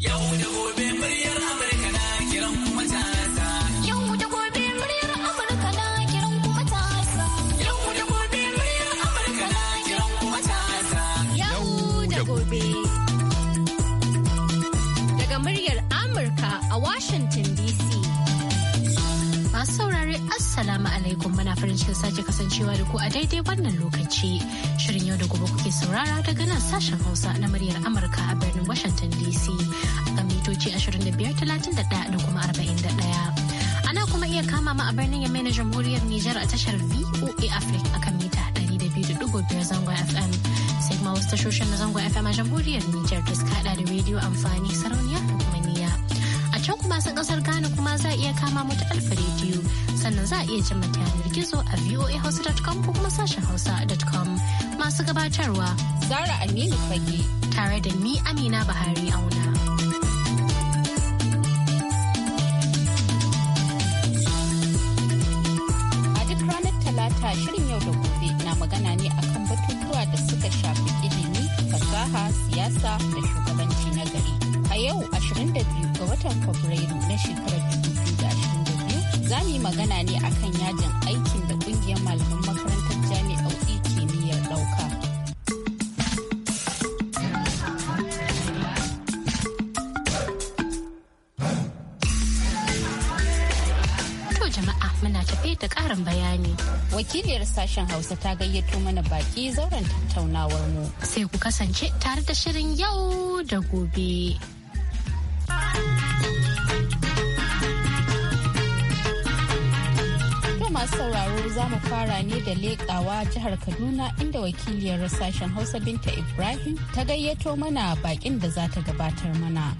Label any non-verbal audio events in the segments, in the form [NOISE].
Yau da gobe. alaikum muna farin cikin sake kasancewa da ku a daidai wannan lokaci. Shirin yau da gobe kuke saurara daga nan sashen Hausa na muryar Amurka a birnin Washington DC a mitoci 2531 da kuma 41. Ana kuma iya kama ma a birnin Yamai na Jamhuriyar Nijar a tashar VOA Africa akan mita 200.5 zangon FM. Sai kuma wasu tashoshin na zangon FM a Jamhuriyar Nijar da suka hada da rediyo amfani sarauniya masu kasar Ghana kuma za a iya kama mu ta alfa rediyo sannan za a iya jin mata yanar gizo a voahouse.com ko kuma sashen hausa.com masu gabatarwa Zara Aminu Fage tare da ni Amina Bahari Auna. A duk ranar Talata shirin yau da gobe na magana ne akan batutuwa da suka shafi ilimi, fasaha, siyasa da shugabanci. watan Fabrairu na shekarar 2022 za mu yi magana ne akan yajin aikin da kungiyar malaman makarantar jami'o'i e ke dauka. to jama'a muna tafe da karin bayani. Wakiliyar sashen Hausa ta gayyato mana baki zauren tattaunawar mu. Sai ku kasance tare da shirin yau da gobe. masu sauraro za mu fara ne da leƙawa jihar Kaduna inda wakiliyar sashen Hausa Binta Ibrahim ta gayyato mana bakin da za ta gabatar mana.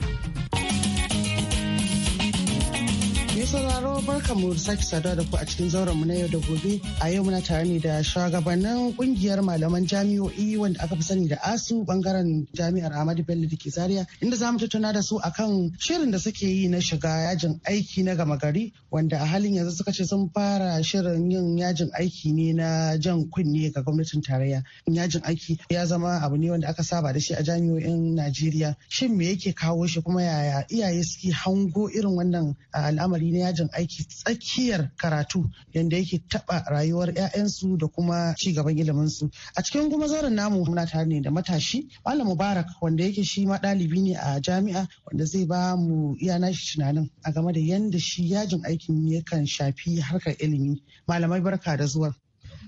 Mai sauraro barka mu sake saduwa da ku a cikin zauren mu na yau da gobe. A yau muna tare ne da shugabannin kungiyar malaman jami'o'i wanda aka fi sani da ASU bangaren jami'ar Ahmadu Bello da ke Zaria inda zamu tattauna da su akan shirin da suke yi na shiga yajin aiki na gama gari wanda a halin yanzu suka ce sun fara shirin yin yajin aiki ne na jan kunne ga gwamnatin tarayya. Yajin aiki ya zama abu ne wanda aka saba da shi a jami'o'in Najeriya. Shin me yake kawo shi kuma yaya iyaye suke hango irin wannan al'amari na yajin aiki tsakiyar karatu yadda yake taɓa rayuwar 'ya'yansu da kuma ci gaban iliminsu a cikin kuma zarin namu muna tare ne da matashi malam mubarak wanda yake shi ma ɗalibi ne a jami'a wanda zai ba mu iya nashi tunanin a game da yadda shi yajin aikin yakan shafi harkar ilimi malamai barka da zuwa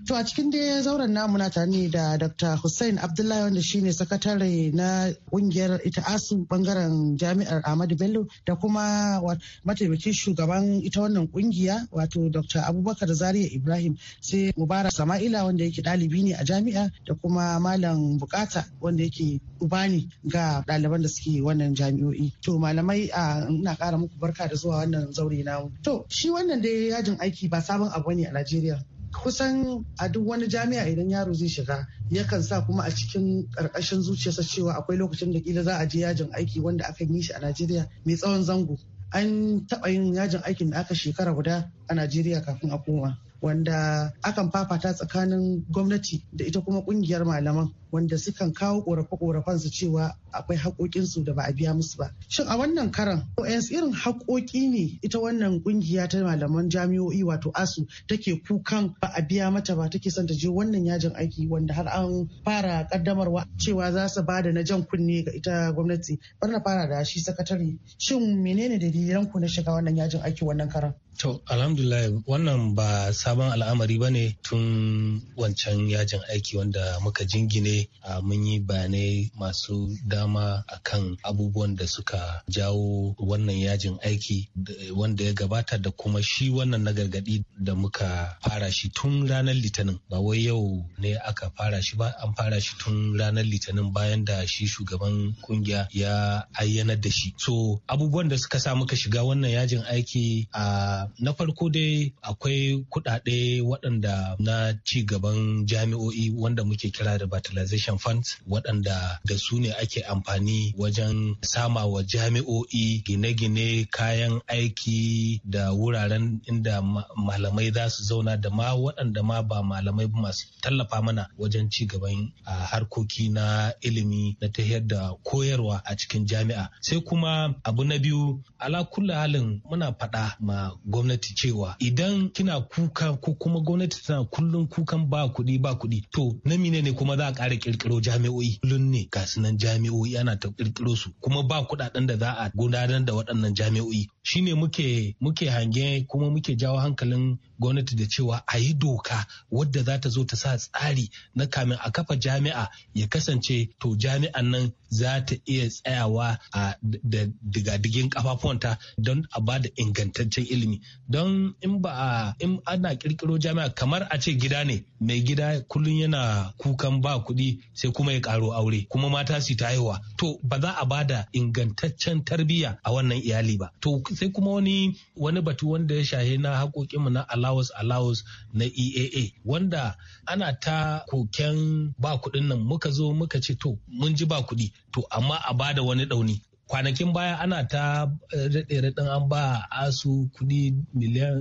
To a cikin dai zauren namu na tare ne da Dr. Hussein Abdullahi wanda shine sakatare na kungiyar ita ASU bangaren jami'ar Ahmadu Bello da kuma mataimakin shugaban ita wannan kungiya wato Dr. Abubakar Zaria Ibrahim sai Mubara Sama'ila wanda yake dalibi ne a jami'a da kuma Malam Bukata wanda yake uba ne ga ɗaliban da suke wannan jami'o'i. To malamai a ina kara muku barka da zuwa wannan zaure namu. To shi wannan dai yajin aiki ba sabon abu ne a Najeriya. kusan a duk wani jami'a idan yaro zai shiga yakan sa kuma a cikin karkashin zuciyarsa cewa akwai lokacin da kila za a je yajin aiki wanda aka yi shi a Najeriya mai tsawon zango an taɓa yin yajin aikin da aka shekara guda a Najeriya kafin a koma wanda akan fafata tsakanin gwamnati da ita kuma kungiyar malaman wanda sukan kawo korafe-korafen su cewa akwai haƙoƙinsu da ba a biya musu ba. Shin a wannan karan OS irin haƙoƙi ne ita wannan kungiya ta malaman jami'o'i wato ASU take kukan ba a biya mata ba take son ta je wannan yajin aiki wanda har an fara kaddamarwa cewa za su ba da na jan kunne ga ita gwamnati. Bar na fara da shi sakatare. Shin menene dalilan ku na shiga wannan yajin aiki wannan karan? To, alhamdulillah wannan ba sabon al'amari ba ne tun wancan yajin aiki wanda muka jingine a mun yi bayanai masu dama akan abubuwan da suka jawo wannan yajin aiki wanda ya gabata da kuma shi wannan na gargadi da muka fara shi tun ranar litinin ba wai yau ne aka fara shi ba an fara shi tun ranar litinin bayan da shi shugaban kungiya ya ayyana da shi. So abubuwan da suka sa muka shiga wannan yajin aiki a Na farko dai akwai kuɗaɗe waɗanda na ci gaban jami'o'i wanda muke kira da Fertilization Funds waɗanda da su ne ake amfani wajen samawa jami'o'i gine-gine kayan aiki da wuraren inda malamai za su zauna da ma waɗanda ma ba malamai masu tallafa mana wajen ci gaban harkoki na ilimi na ta da koyarwa a cikin jami'a. Sai kuma abu na biyu ala halin muna faɗa ma gwamnati gwamnati cewa idan kina kuka ko kuma gwamnati tana kullum kukan ba kuɗi ba kuɗi to na mine ne kuma za a ƙara ƙirƙiro jami'o'i kullum ne ga jami'o'i ana ta ƙirƙiro su kuma ba kuɗaɗen da za a gudanar da waɗannan jami'o'i shine muke muke hange kuma muke jawo hankalin gwamnati da cewa a yi doka wadda za ta zo ta sa tsari na kamin a kafa jami'a ya kasance to jami'an nan za ta iya tsayawa a da digadigin kafafuwanta don a ba da ingantaccen ilimi don in ba a in ana kirkiro jami'a kamar a ce gida ne mai gida kullum yana kukan ba kuɗi sai kuma ya karo aure kuma mata su ta haihuwa to ba za a ba da ingantaccen tarbiyya a wannan iyali ba to sai kuma wani wani batu wanda ya shahe na hakokinmu na allowance allowance na EAA wanda ana ta koken ba kuɗin nan muka zo muka ce to mun ji ba kuɗi to amma a bada wani ɗauni kwanakin baya ana ta raɗe-raɗin an ba asu kuɗi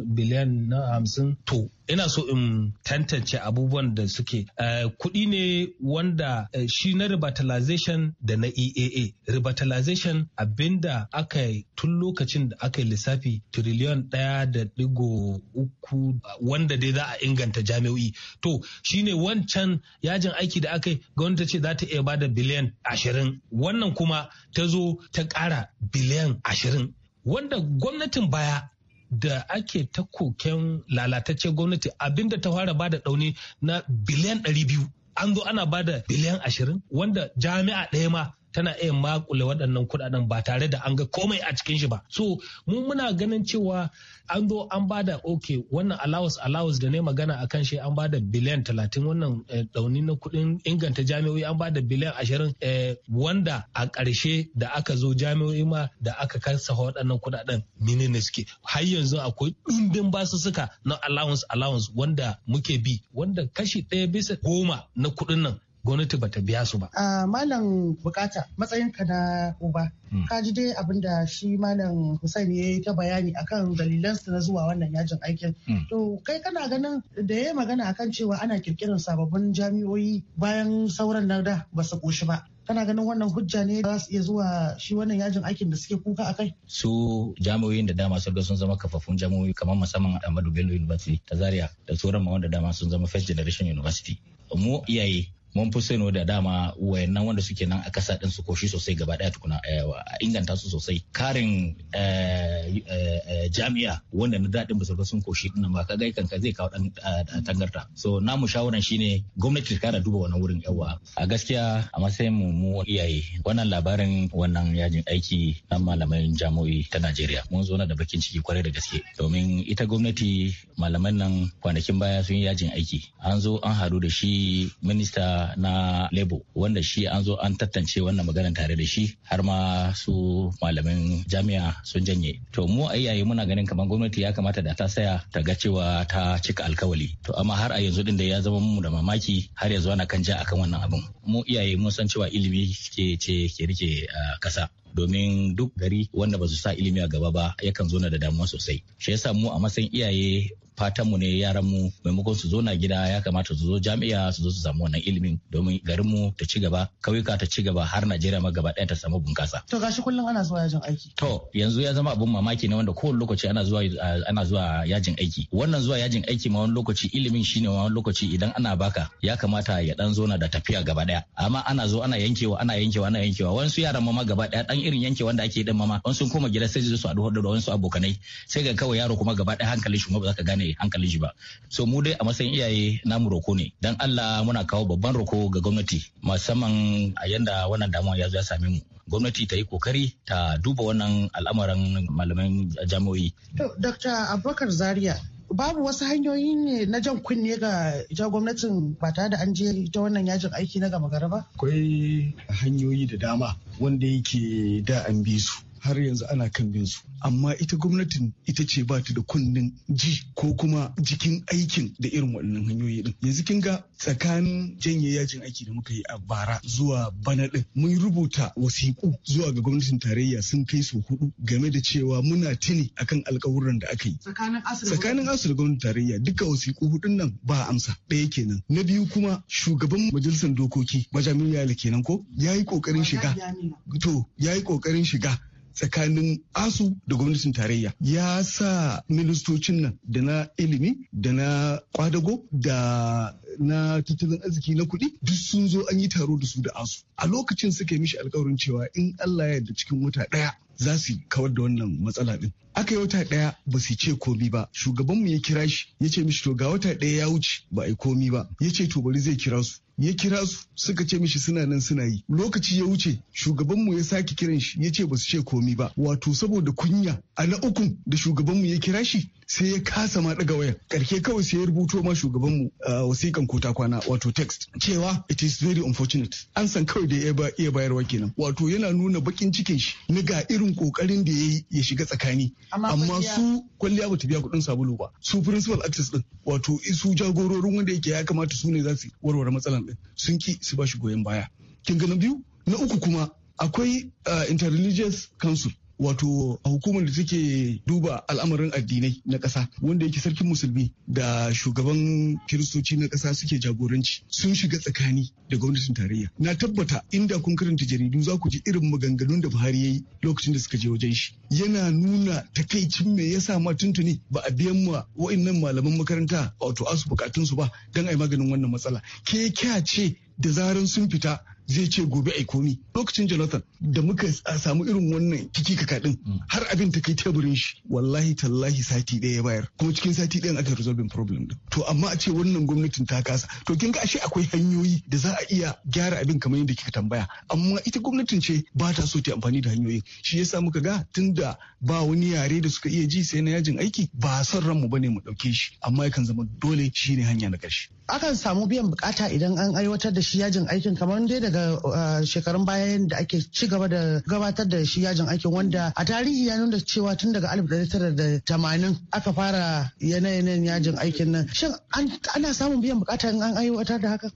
miliyan na hamsin to ina so in tantance abubuwan da suke eh, kuɗi ne wanda eh, shi na revitalization da na eaa revitalization abinda aka yi tun lokacin da aka yi lissafi trillion ɗaya da ɗigo uku wanda dai za a inganta jami'o'i to shine wancan yajin aiki da aka yi gwamnati ce za ta iya bada biliyan ashirin wannan kuma ta zo ta ƙara biliyan ashirin wanda gwamnatin baya da ake ta koken lalatacce gwamnati abinda ta fara bada dauni na biliyan 200 an zo ana bada biliyan 20 wanda jami'a ɗaya ma tana iya makule waɗannan kuɗaɗen ba tare da an ga komai a cikin shi ba so mu muna ganin cewa an zo an bada ok wannan allowance allowance da ne magana a kan shi an bada biliyan talatin wannan dauni eh, na kuɗin inganta jami'o'i an bada biliyan ashirin eh, wanda a ƙarshe da aka zo jami'o'i ma da aka kasa waɗannan kuɗaɗen menene suke har yanzu akwai ɗumbin suka na allowance allowance wanda muke bi wanda kashi ɗaya bisa goma na kuɗin nan gwamnati bata biya su ba. A malam bukata matsayin ka na uba hmm. ka ji dai abin da shi malam Hussein ya yi ta bayani akan dalilansa na zuwa wannan yajin aikin. Hmm. To kai kana ganin da ya magana akan cewa ana kirkirar sababbin jami'oyi bayan sauran na da ba su koshi ba. kana ganin wannan hujja ne za su iya zuwa shi wannan yajin aikin da suke kuka a kai? Su jami'oyin da dama sun sun zama kafafun jami'o'i kamar musamman Ahmadu Bello University ta Zaria da sauran ma wanda dama sun zama First Generation University. Mu iyaye mun fi sai da dama wayannan wanda suke nan a kasa din su koshi sosai gaba daya tukuna eh, a inganta su sosai karin eh, eh, jami'a wanda na daɗin ba sun koshi din ba ka gai kanka zai kawo dan tangarta so na mu shawaran shine gwamnati ta kara duba wannan wurin yawa a gaskiya a matsayin mu mu iyaye wannan labarin wannan yajin aiki na malaman jami'o'i ta Najeriya mun zo na da bakin ciki kwarai da gaske domin ita gwamnati malaman nan kwanakin baya sun yi yajin aiki an zo an haɗu da shi minista na lebo wanda shi an zo an tattance wannan maganar tare da shi har ma su malamin jami'a sun janye to mu a iyaye muna ganin kamar gwamnati ya kamata da ta saya ta ga cewa ta cika alkawali to amma har a yanzu din da ya zama mu da mamaki har yanzu ana kan ja akan wannan abin mu iyaye mun san cewa ilimi ke ce ke rike kasa domin duk gari wanda ba su sa ilimi a gaba ba yakan zo na da damuwa sosai shi yasa mu a matsayin iyaye fatanmu ne yaranmu maimakon su zo na gida ya kamata su zo jami'a su zo su samu wannan ilimin domin garinmu ta ci gaba kauyuka ta ci gaba har Najeriya ma gaba ɗaya ta samu bunƙasa. To gashi kullum ana zuwa yajin aiki. To yanzu ya zama abun mamaki ne wanda kowane lokaci ana zuwa ana zuwa yajin aiki. Wannan zuwa yajin aiki ma wani lokaci ilimin shine ma wani lokaci idan ana baka ya kamata ya dan zo na da tafiya gaba ɗaya. Amma ana zo ana yankewa ana yankewa ana yankewa wasu yaran ma gaba ɗaya dan irin yanke wanda ake din mama wasu kuma gida sai su haɗu da wasu abokanai sai ga kawai yaro kuma gaba ɗaya hankalin shi ba za ka gane ne hankalin shi ba so mu dai a matsayin iyaye namu roko ne dan Allah muna kawo babban roko ga gwamnati musamman a yanda wannan damuwa ya zo ya same mu gwamnati ta yi kokari ta duba wannan al'amarin malaman jami'o'i to dr abubakar zaria babu wasu hanyoyi ne na jan kunne ga ita gwamnatin ba tare da an je ta wannan yajin aiki na gama gara ba? Akwai hanyoyi da dama wanda yake da an bi su. har yanzu ana kan bin su amma ita gwamnatin ita ce ba ta da kunnen ji ko kuma jikin aikin da irin waɗannan hanyoyi din yanzu kin ga tsakanin janye yajin aiki da muka yi a bara zuwa bana din mun rubuta wasiƙu zuwa ga gwamnatin tarayya sun kai su hudu game da cewa muna tuni akan alƙawuran da aka yi tsakanin asu da gwamnatin tarayya duka wasiƙu hudun nan ba amsa ɗaya kenan na biyu kuma shugaban majalisar dokoki bajamin yali kenan ko ya yi ƙoƙarin shiga to ya yi ƙoƙarin shiga tsakanin asu da gwamnatin tarayya ya sa ministocin nan da na ilimi da na kwadago da na tattalin arziki na kuɗi duk sun zo an yi taro da su da asu a lokacin suka yi mishi alkawarin cewa in Allah ya yarda cikin wata ɗaya za su kawar da wannan matsala din aka yi wata ɗaya ba su ce komi ba shugabanmu ya kira shi ya ce mishi to ga wata ɗaya ya wuce ba a yi komi ba ya ce to bari zai kira su ya kira su suka ce mishi suna nan suna yi lokaci ya wuce shugabanmu ya sake kiran shi ya ce ba su ce komi ba wato saboda kunya a na ukun da shugabanmu ya kira shi sai ya kasa ma daga wayar karke kawai sai ya rubuto ma shugaban mu wasikan kota kwana wato text cewa it is very unfortunate an san kawai da ya iya bayarwa kenan wato yana nuna bakin cikin shi na ga irin kokarin da ya ya shiga tsakani amma su kwalliya bata biya kuɗin sabulu ba su principal access din wato su jagororin wanda yake ya kamata su ne za su warware matsalan din sun ki su ba shi goyon baya kin ganin biyu na uku kuma akwai interreligious council wato a hukumar da take duba al'amarin addinai na ƙasa wanda yake sarkin musulmi da shugaban kiristoci na kasa suke jagoranci sun shiga tsakani da gwamnatin tarayya na tabbata inda kun karanta jaridu za ku ji irin maganganun da Buhari ya yi lokacin da suka je wajen shi yana nuna takaicin me yasa ma tuntuni ba a biyan ma wa'annan malaman makaranta wato asu bukatunsu ba don a yi maganin wannan matsala ke kya ce da zaran sun fita zai ce gobe ai komi lokacin jonathan da muka samu irin wannan kaka din mm. har abin ta kai teburin shi wallahi tallahi sati ɗaya ya bayar kuma cikin sati ɗayan aka resolving problem din to amma a ce wannan gwamnatin ta kasa to kin ga ashe akwai hanyoyi da za a iya gyara abin kamar yadda kika tambaya amma ita gwamnatin ce ba ta so ta amfani da hanyoyi shi yasa muka ga tunda ba wani yare da suka iya ji sai na yajin aiki ba son ran ranmu bane mu ɗauke shi amma yakan zama dole shine hanya na ƙarshe akan samu biyan bukata idan an aiwatar da shi yajin aikin kamar dai daga da uh, shekarun bayan da ake ci gaba da gabatar da shi yajin aikin wanda a tarihi ya nuna cewa tun daga alif da tamanin aka fara yanayin yajin aikin nan shin ana samun biyan bukata in an aiwatar da haka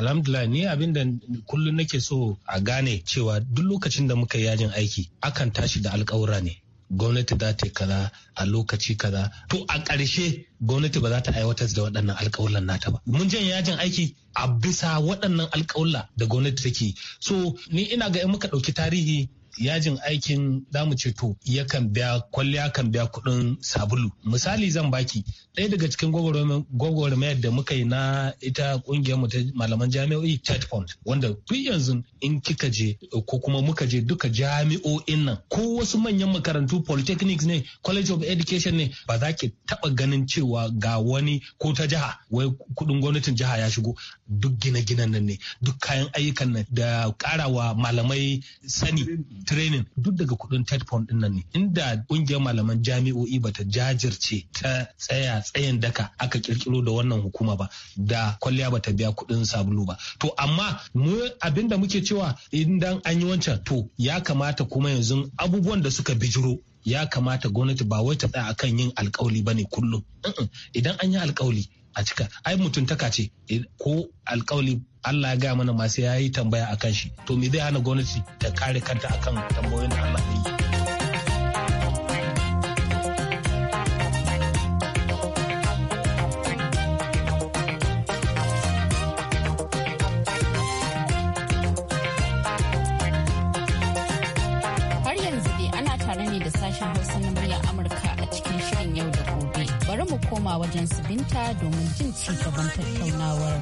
alhamdulillah ni abin da kullum nake so a gane cewa duk lokacin da muka yi yajin aiki akan tashi da alkawura ne gwamnati za ta yi kaza a lokaci kaza to a ƙarshe gwamnati ba za ta aiwatar da waɗannan alƙawulan nata ba mun je yajin aiki a bisa waɗannan alƙawulla da gwamnati take so ni ina ga in muka ɗauki tarihi yajin aikin zamu ce to kan biya kwalliya kan biya kuɗin sabulu misali zan baki ɗaya daga cikin gwagwarmayar da muka yi na ita ƙungiyar mu ta malaman jami'o'i chat wanda duk yanzu in kika je ko kuma muka je duka jami'o'in nan ko wasu manyan makarantu polytechnics ne college of education ne ba za ki taɓa ganin cewa ga wani ko ta jiha wai kuɗin gwamnatin jiha ya shigo duk gine-ginen nan ne duk kayan ayyukan nan da karawa malamai sani training duk daga kudin ted pound din nan ne inda kungiyar malaman jami'o'i bata jajirce ta tsaya tsayin daka aka kirkiro da wannan hukuma ba da kwalliya bata biya kudin sabulu ba to amma mu abinda muke cewa idan an yi wancan to ya kamata kuma yanzu abubuwan da suka bijiro ya kamata gwamnati ba wai ta tsaya akan yin alkawali ba ne kullum idan an yi alkawali a cika ai mutuntaka ce eh, ko alkawali Allah ya gaya mana masu yi tambaya akan shi to me zai hana gwamnati ta kare kanta akan tambayoyin da Allah ya yi ra'ayinta domin jin ci gaban tattaunawar.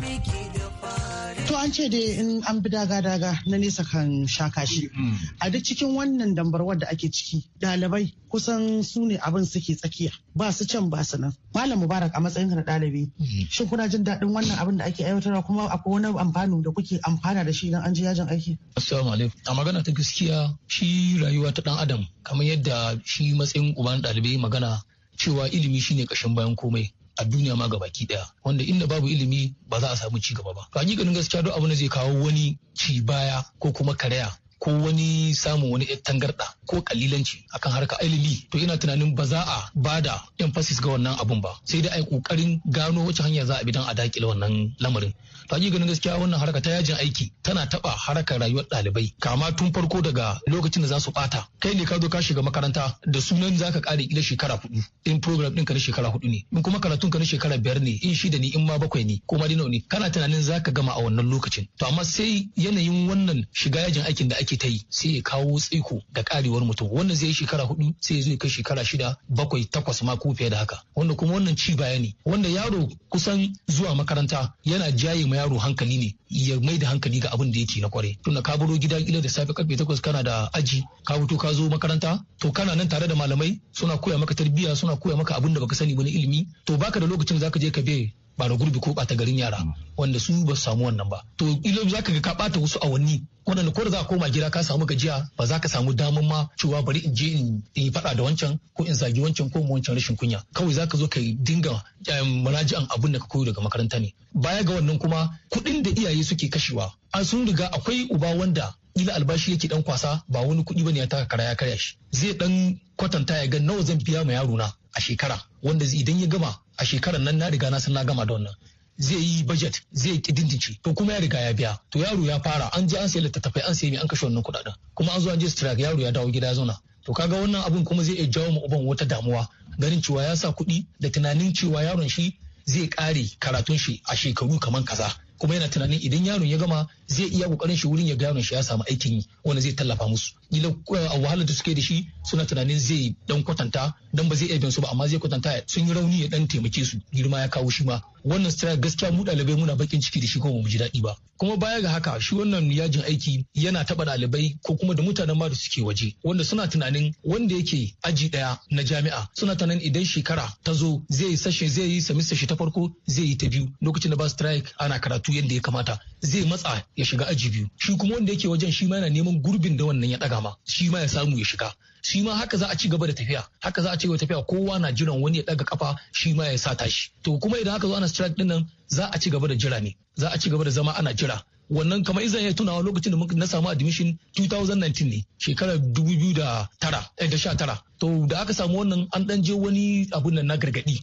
To an ce dai in an bi daga-daga na nesa kan shaka shi. Mm-hmm. A duk cikin wannan dambarwar da ake ciki ɗalibai kusan su ne abin suke tsakiya ba su can ba su nan. Malam Mubarak a matsayin na ɗalibi. Mm-hmm. Shin kuna jin daɗin wannan abin da ake aiwatarwa kuma akwai wani amfani da kuke amfana da shi idan an ji yajin aiki? Assalamu alaikum. A magana ta gaskiya shi rayuwa ta ɗan adam kamar yadda shi matsayin uban ɗalibai magana cewa ilimi shine ƙashin bayan komai. a duniya ma gabaki daya wanda inda babu ilimi ba za a samu ci gaba ba to hakikanin gaskiya duk abin da zai kawo wani ci baya ko kuma karaya ko wani samun wani tangarda ko kalilanci akan harka ilimi to ina tunanin ba za a bada emphasis ga wannan abun ba sai dai ai kokarin gano wace hanya za a bi don a dakile wannan lamarin to haƙi ganin gaskiya wannan harka ta yajin aiki tana taba harkar rayuwar ɗalibai kama tun farko daga lokacin da za su bata kai ne ka zo ka shiga makaranta da sunan zaka kare kila shekara hudu in program ɗinka na shekara hudu ne in kuma karatun ka na shekara biyar ne in shida ne in ma bakwai ne ko ma dina ne kana tunanin zaka gama a wannan lokacin to amma sai yanayin wannan shiga yajin aikin da ake yake ta yi sai ya kawo tsiko da karewar mutum wannan zai yi shekara hudu sai ya zo kai shekara shida bakwai takwas ma ko fiye da haka wanda kuma wannan ci baya ne wanda yaro kusan zuwa makaranta yana jaye ma yaro hankali ne ya mai da hankali ga abin da yake na kware tunda ka baro gida kila da safe karfe takwas kana da aji ka fito ka zo makaranta to kana nan tare da malamai suna koya maka tarbiyya suna koya maka abin da baka sani wani ilimi to baka da lokacin zaka je ka be bara gurbi ko bata garin yara mm. wanda su ba su samu wannan ba to ilo zaka ka ga ka bata wasu awanni wanda ko da za a koma gida ka samu gajiya ba za ka samu damar ma cewa bari in je in yi faɗa da wancan ko in zagi wancan ko mu wancan rashin kunya kawai za ka zo ka dinga muraji'an abin da ka koyo daga makaranta ne baya ga wannan kuma kuɗin da iyaye suke kashewa A sun riga akwai uba wanda ila albashi yake dan kwasa ba wani kuɗi bane ya taka kara ya karya shi zai dan kwatanta ya ga nawa zan biya ma yaro na a shekara wanda idan ya gama a shekarar nan na riga na san na gama da wannan zai yi budget zai kidindici to kuma ya riga ya biya to yaro ya fara an je an sayi littattafai an sayi mai an kashe wannan kudaden kuma an zo an je strike yaro ya dawo gida ya zauna to kaga wannan abun kuma zai iya jawo ma uban wata damuwa ganin cewa ya sa kuɗi da tunanin cewa yaron shi zai kare karatun shi a shekaru kamar kaza kuma yana tunanin idan yaron ya gama zai iya kokarin shi wurin ya ga yaron shi ya samu aikin yi wanda zai tallafa musu kila a eh, wahalar da suke da shi suna tunanin zai dan kwatanta dan ba zai iya su ba amma zai kwatanta sun yi rauni ya dan taimake su girma ya kawo shi ma wannan strike gaskiya mu dalibai muna bakin ciki da shi kuma mu ji daɗi ba kuma baya ga haka shi wannan yajin aiki yana taɓa dalibai ko kuma da mutanen ma da suke waje wanda suna tunanin wanda yake aji daya na jami'a suna tunanin idan shekara ta zo zai sashe zai yi semester shi ta farko zai yi ta biyu lokacin da ba strike ana karatu yadda ya kamata zai matsa ya shiga aji biyu shi kuma wanda yake wajen shi ma yana neman gurbin da wannan ya daga ma shi ma ya samu ya shiga shi ma haka za a ci gaba da tafiya haka za a ci gaba tafiya kowa na jiran wani ya daga kafa shi ma ya sa tashi to kuma idan haka zo ana strike din nan za a ci gaba da jira ne za a ci gaba da zama ana jira wannan kamar izan ya tunawa lokacin da na samu admission 2019 ne shekarar 2019 da eh, to da aka samu wannan an dan je wani abun nan na gargadi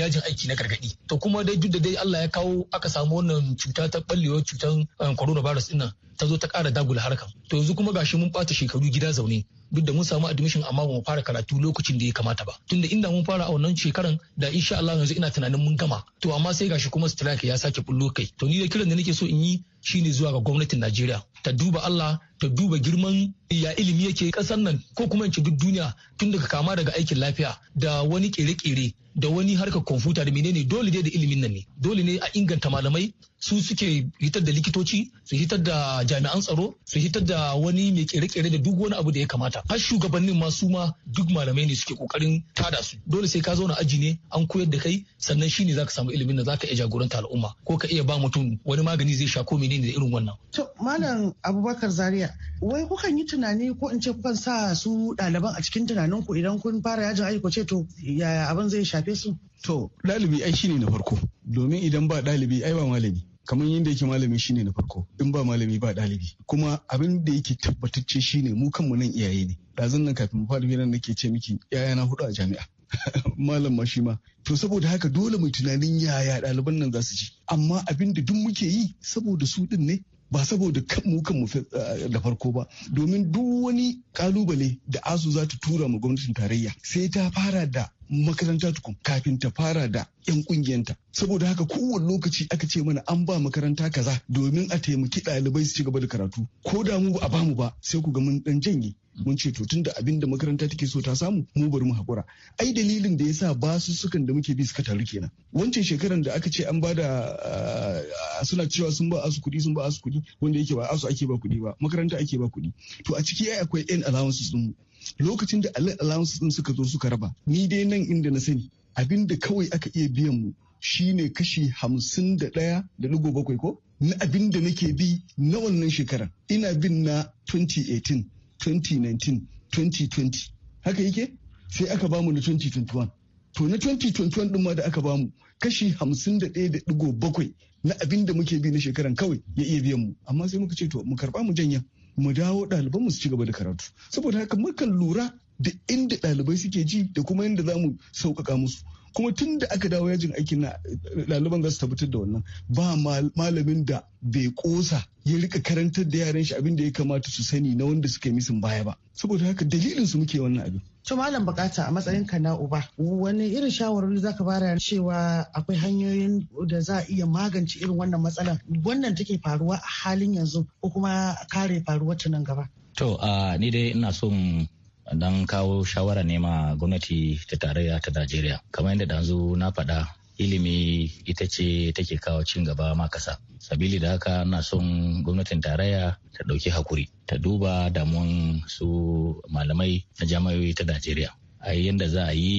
yajin aiki na gargadi to kuma dai duk da dai Allah ya kawo aka samu wannan cuta ta ballewar cutar eh, coronavirus din nan ta zo ta ƙara dagula harkar to yanzu kuma gashi mun ɓata shekaru gida zaune duk da mun samu admission amma ba mu fara karatu lokacin da ya kamata ba tunda inda mun fara a wannan shekaran da insha Allah yanzu ina tunanin mun gama to amma sai gashi kuma strike ya sake bullo kai to ni da kiran da nake so in yi shine zuwa ga gwamnatin Najeriya ta duba Allah ta duba girman ya ilimi yake kasar nan ko kuma in duk duniya tun daga kama daga aikin lafiya da wani kere-kere da wani harkar kwamfuta da menene dole dai da ilimin nan ne dole ne a inganta malamai su suke hitar da likitoci su hitar da jami'an tsaro su hitar da wani mai kere-kere da duk wani abu da ya kamata har shugabannin ma su ma duk malamai ne suke kokarin tada su dole sai ka zauna aji ne an koyar da kai sannan shine zaka samu ilimin da zaka iya jagoranta al'umma ko ka iya ba mutum wani magani zai sha ko menene da irin wannan to malam abubakar zaria wai kukan yi tunani ko in ce kukan sa su ɗaliban a cikin tunanin ku idan kun fara yajin aiko ce to yaya abin zai shafe su to ɗalibi ai shine na farko domin idan ba ɗalibi ai ba malami kamar yadda yake malami shine na farko in ba malami ba ɗalibi kuma abin da yake tabbatacce shine mu kanmu nan iyaye ne ɗazun nan kafin mu fara nan nake ce miki ya'ya na hudu a jami'a [LAUGHS] malam ma shi ma to saboda haka dole mai tunanin yaya ɗaliban nan za su ji amma abin da duk muke yi saboda su din ne ba saboda kanmu mu eh, da farko ba domin duk wani kalubale da asu za ta tura ma gwamnatin tarayya sai ta fara da makaranta tukun kafin ta fara da 'yan kungiyanta saboda haka kowane lokaci aka ce mana an ba makaranta kaza domin a taimaki ɗalibai su ci gaba da karatu ko da mu ba a bamu ba sai ku ga mun dan janye mun ce to tunda abin da makaranta take so ta samu mu bari mu hakura ai dalilin da yasa su sukan da muke bi suka taru kenan wancan shekaran da aka ce an bada ah, suna cewa sun ba asu kuɗi sun ba asu kuɗi wanda yake ba asu ake ba kuɗi ba makaranta ake ba kuɗi to a ciki ai akwai yan allowances din lokacin da allowances din suka zo suka raba ni dai nan inda na sani abin da kawai aka iya biyan mu shine kashi hamsin da ɗaya da ɗigo bakwai ko na abin da nake bi na wannan shekaran. ina bin na 2018 2019 2020 haka yake sai aka bamu na 2021 to na 2021 din ma da aka bamu kashi 51.7 na abin da muke bi na shekaran kawai ya iya biyan mu amma sai muka ce to mu karba mu janya mu dawo ɗaliban mu su ci gaba da karatu saboda haka mukan lura da inda ɗalibai suke ji da kuma yadda za mu sauƙaƙa musu kuma tun da aka dawo yajin aikin na ɗaliban za su tabbatar da wannan ba malamin da bai ƙosa ya rika karantar da yaran shi abin da ya kamata su sani na wanda suka yi misin baya ba saboda haka dalilin su muke wannan abin to malam bukata a matsayin ka na uba wani irin shawarwari zaka bara cewa akwai hanyoyin da za a iya magance irin wannan matsalar wannan take faruwa a halin yanzu ko kuma kare faruwar ta nan gaba to ni dai ina son dan kawo shawara ne ma gwamnati ta tarayya ta Najeriya kamar yadda danzu na faɗa ilimi ita ce take kawo cin gaba ma kasa sabili da haka na son gwamnatin tarayya ta ɗauki hakuri ta duba damuwan su malamai na jami'o'i ta najeriya a yi yadda za a yi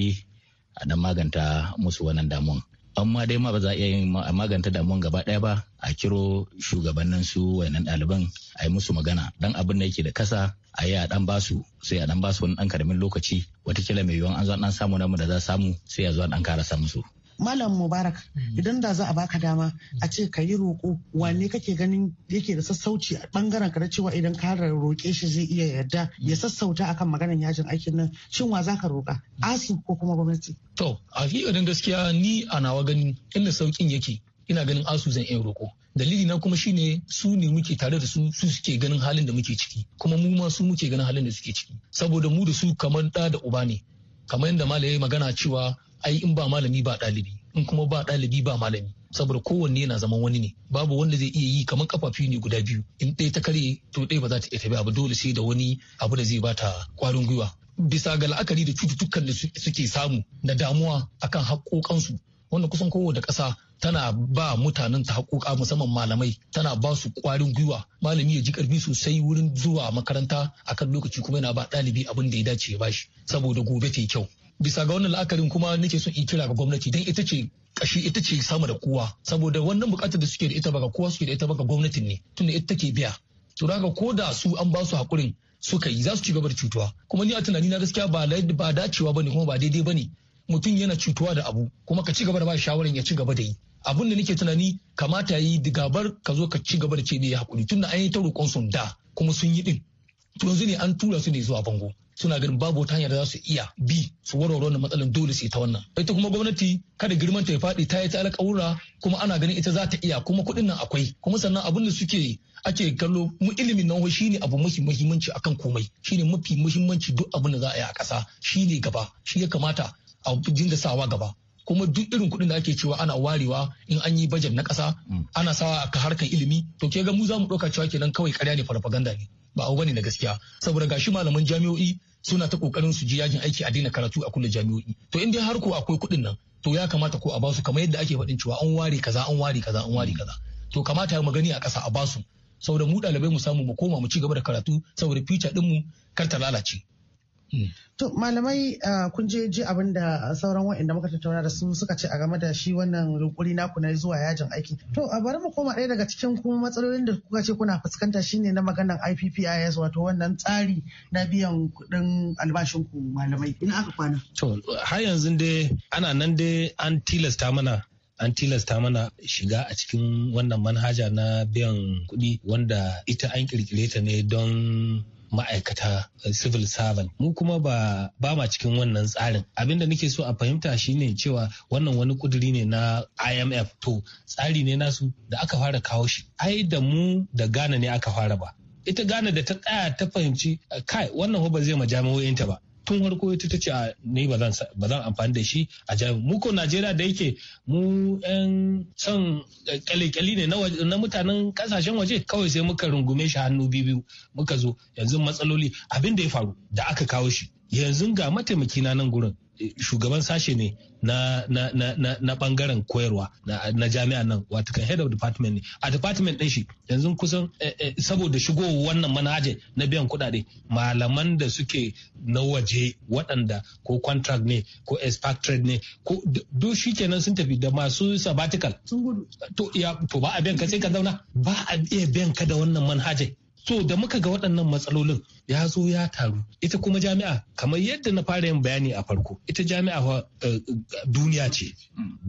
a dan maganta musu wannan damuwan amma dai ma ba za a iya yin maganta damuwan gaba ɗaya ba a kiro shugabannin su wayannan ɗaliban a yi musu magana dan abin da yake da kasa a yi a dan basu sai a dan basu wani dan karamin lokaci watakila mai yiwuwan an zo an samu namu da za samu sai a zo an dan karasa musu Malam Mubarak mm. idan da za a baka dama a ce ka yi roƙo wanne kake ganin yake da sassauci a bangaren ka da cewa idan ka roƙe shi zai iya yarda ya mm. sassauta akan maganar yajin aikin nan shin wa za ka roƙa asu ko kuma gwamnati. To a hakikanin gaskiya ni a nawa gani inda saukin yake ina ganin asu zan iya roƙo. dalili na kuma shine su ne muke tare da su su suke ganin halin da muke ciki kuma mu ma su muke ganin halin da suke ciki saboda mu da su kamar da da uba ne kamar yadda malaye magana cewa ai in ba malami ba ɗalibi in kuma ba ɗalibi ba malami saboda kowanne yana zaman wani ne babu wanda zai iya yi kamar kafafi ne guda biyu in ɗaya ta karye to ɗaya ba za ta iya tafiya ba dole sai da wani abu da zai bata kwarin gwiwa bisa ga la'akari da cututtukan da suke samu na damuwa akan haƙoƙansu wanda kusan kowace ƙasa tana ba mutanen ta haƙoƙa musamman malamai tana ba su ƙwarin gwiwa malami ya ji ƙarfi sosai wurin zuwa makaranta akan lokaci kuma yana ba ɗalibi abin da ya dace ya bashi saboda gobe ta yi kyau bisa ga wannan la'akarin kuma nake son in kira ga gwamnati don ita ce kashi ita ce sama da kowa saboda wannan bukatar da suke da ita ba ga kowa suke da ita ba ga gwamnatin ne tunda ita take biya to daga ko da su an ba su hakurin suka yi za su ci gaba da cutuwa kuma ni a tunani na gaskiya ba ba dacewa bane kuma ba daidai bane mutum yana cutuwa da abu kuma ka ci gaba da ba shawarar ya ci gaba da yi abun da nake tunani kamata yi digabar ka zo ka ci gaba da ce ne ya hakuri tunda an yi ta roƙon sun da kuma sun yi din to yanzu ne an tura su ne zuwa bango suna ganin babu wata hanyar da za su iya bi su warware wannan matsalar dole su ta wannan ita kuma gwamnati kada girman ta ya faɗi ta yi ta alƙawura kuma ana ganin ita za ta iya kuma kuɗin nan akwai kuma sannan abin da suke ake kallo mu ilimin nan shine abu mafi muhimmanci akan komai shine mafi muhimmanci duk abin da za a yi a ƙasa shine gaba shi ya kamata a dinga sawa gaba kuma duk irin kuɗin da ake cewa ana warewa in an yi bajet na ƙasa mm. ana sawa a harkar ilimi to ke ga mu za mu ɗauka cewa kenan kawai karya ne farfaganda ne ba abu bane na gaskiya saboda gashi malaman jami'o'i suna ta kokarin su ji yajin aiki a daina karatu a kulle jami'o'i to in dai har ko akwai kuɗin nan to ya kamata ko a basu kamar yadda ake faɗin cewa an ware kaza an ware kaza an ware kaza to kamata mu gani a ƙasa a basu saboda mu ɗalibai mu samu mu koma mu ci gaba da karatu saboda din mu kar ta lalace To malamai kun je ji abin da sauran wa'inda muka tattauna da su suka ce a game da shi wannan rukuri naku na zuwa yajin aiki. To a bari mu koma ɗaya daga cikin kuma matsalolin da kuka ce kuna fuskanta shine na maganar IPPIS wato wannan tsari na biyan kuɗin albashin ku malamai. Ina aka kwana. To har yanzu dai ana nan dai an tilasta mana an tilasta mana shiga a cikin wannan manhaja na biyan kuɗi wanda ita an kirkire ta ne don ma'aikata eh, civil servant mu kuma ba ba ma cikin wannan tsarin abin da nake so a fahimta shine cewa wannan wani kuduri ne na IMF to tsari ne nasu da aka fara kawo shi ai da mu da gane ne aka fara ba ita gane da ta tsaya ta fahimci eh, kai wannan ba zai ma jami'o'inta ba tun harko ita ta ce ni ba zan amfani da shi a jami'a mu ko najeriya da yake mu yan son kyale eh, ne na mutanen kasashen waje kawai sai muka rungume shi hannu biyu muka zo yanzu matsaloli abin da ya faru da aka kawo shi yanzu ga mataimaki na nan gurin shugaban sashe ne na, na, na, na, na bangaren koyarwa na, na jami'a nan wato kan head of department ne a department din shi yanzu kusan eh, eh, saboda shigo wannan manhaja na biyan kuɗaɗe malaman da suke na waje waɗanda ko contract ne ko expatriate ne ko duk shi kenan sun tafi da masu sabbatical to, ya, to ba a biyan ka sai ka zauna ba a iya biyan ka da wannan manhaja so da muka ga waɗannan matsalolin ya zo ya taru ita kuma jami'a kamar yadda na fara yin bayani a farko ita jami'a eh, duniya ce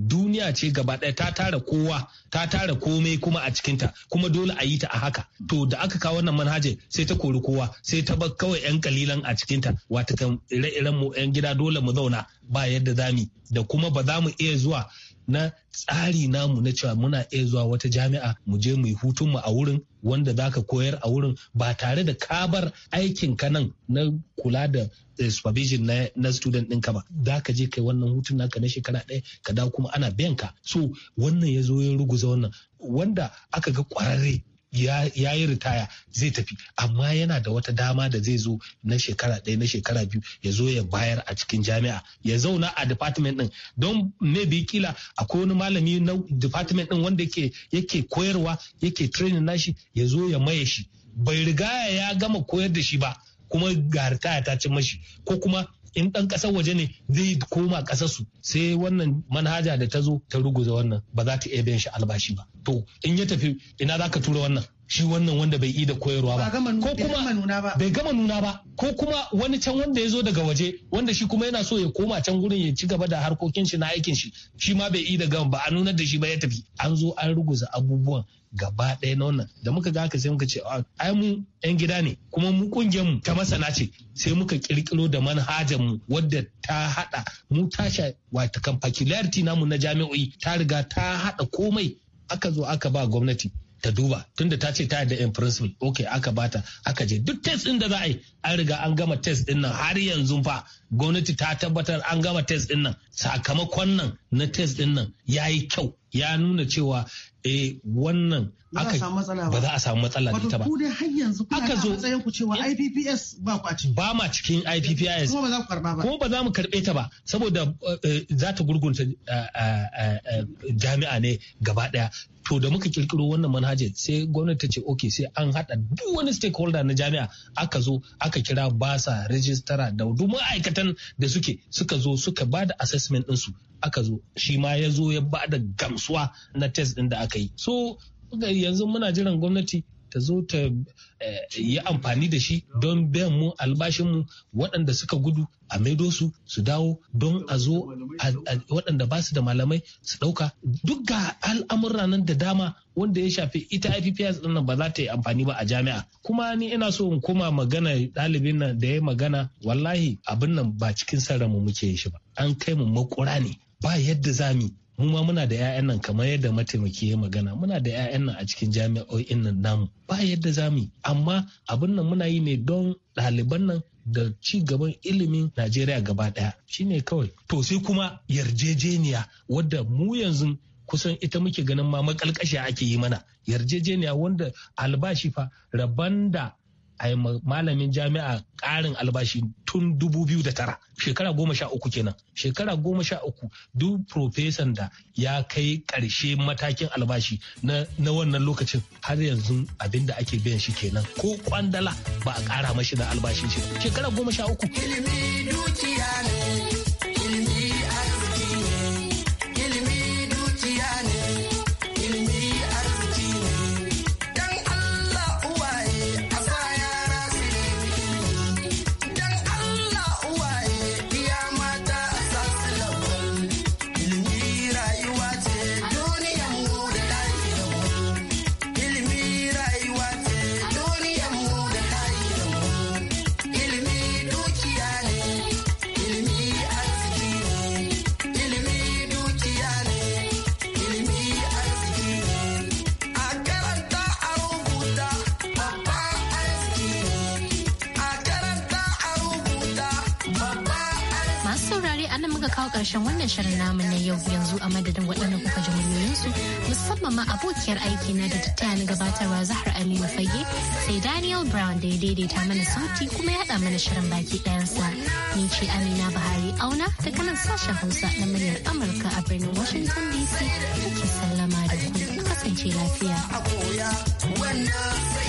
duniya ce gaba ɗaya ta tara kowa ta tara komai kuma a cikinta kuma dole a yi ta a haka to da aka kawo wannan manhajin sai ta kori kowa sai ta bar kawai yan kalilan a cikinta wata kan ire-iren mu yan gida dole mu zauna ba yadda zamu da kuma ba za mu iya zuwa na tsari namu na cewa muna iya zuwa wata jami'a mu je mu yi hutunmu a wurin wanda za ka koyar a wurin ba tare da kabar aikin ka nan na kula da eh, supervision na, student ɗinka ba za ka je kai wannan hutun naka na shekara ɗaya ka dawo kuma ana biyan ka so wannan ya zo ya ruguza wannan wanda aka ga kwararre ya yi ritaya zai tafi amma yana da wata dama da zai zo na shekara ɗaya na shekara biyu ya zo ya bayar a cikin jami'a ya zauna a department ɗin don bi kila akwai wani malami na department ɗin wanda yake koyarwa yake training nashi ya zo ya maye shi bai riga ya gama koyar da shi ba kuma ga ritaya ta ci mashi ko kuma in ɗan ƙasar waje ne zai koma ƙasarsu sai wannan manhaja da ta zo ta ruguza wannan ba za ta iya biyan shi albashi ba to in ya tafi ina za ka tura wannan shi wannan wanda bai yi da koyarwa ba ko kuma bai gama nuna ba ko kuma wani can wanda ya zo daga waje wanda shi kuma yana so ya koma can gurin ya ci gaba da harkokin shi na aikin shi shi ma bai yi da gama ba a nunar da shi ba ya tafi an zo an ruguza abubuwan gaba ɗaya na wannan da muka ga haka sai muka ce ah, ai mu yan gida ne kuma mu kungiyar mu ta masana ce sai muka kirkiro da manhajar mu wadda ta hada mu tasha wato kan namu na jami'o'i ta riga ta hada komai aka zo aka ba gwamnati ta duba tunda ta ce ta yadda in principle okay aka bata aka je duk test din da za a yi an riga an gama test din nan har yanzu fa gwamnati ta tabbatar an gama test din nan sakamakon nan na test din nan ya yi kyau ya nuna cewa e wannan aka ba za a samu matsala da ita ba aka zo matsayin ku cewa IPPS ba ku a ciki ba ma cikin IPPS kuma ba za kuma ba za mu karbe ta ba saboda eh, eh, za ta gurgunta jami'a ne gaba daya to da muka kirkiro wannan manhajin sai gwamnati ta ce ok sai an haɗa duk wani stakeholder na jami'a aka zo aka kira basa rijistara da duk ma'aikatan da suke suka zo suka ba da assessment ɗinsu aka zo shi ma ya zo ya ba da gamsuwa na test ɗin da aka yi so yanzu muna jiran gwamnati ta zo ta eh, yi amfani da shi don biyan mu albashinmu waɗanda suka gudu a maido su su dawo don a zo waɗanda ba su da malamai su ɗauka duk ga al'amurra nan da dama wanda ya shafi ita IPPS ɗin nan ba za ta yi amfani ba a jami'a kuma ni ina so in koma magana ɗalibin nan da ya magana wallahi abin nan ba cikin sarrafa muke yi shi ba an kai mu makura ne ba yadda zami mu ma muna da 'ya'yan nan kamar yadda mataimaki ya magana muna da 'ya'yan nan a cikin jami'o'in nan namu ba yadda za mu amma abin nan muna yi ne don ɗaliban nan da ci gaban ilimin najeriya gaba ɗaya shine kawai to sai kuma yarjejeniya wadda mu yanzu kusan ita muke ganin ma makalkashi ake yi mana yarjejeniya wanda albashi fa rabanda a yi malamin jami'a ƙarin albashi tun dubu biyu da tara shekara goma sha uku kenan shekara goma sha uku duk profesan da ya kai ƙarshe matakin albashi na, wannan lokacin har yanzu abinda ake biyan shi kenan ko kwandala ba a ƙara mashi da albashi shi shekara goma sha uku karshen wannan shirin namu na yau yanzu a madadin waɗanda kuka ji muryoyinsu musamman ma abokiyar aiki na da tattaya na gabatarwa Zahra Aminu Fage sai Daniel Brown da ya daidaita mana sauti kuma ya mana shirin baki ɗayansa. Ni ce Amina Buhari Auna ta kanan sashen Hausa na muryar Amurka a birnin Washington DC ke sallama da ku kasance lafiya.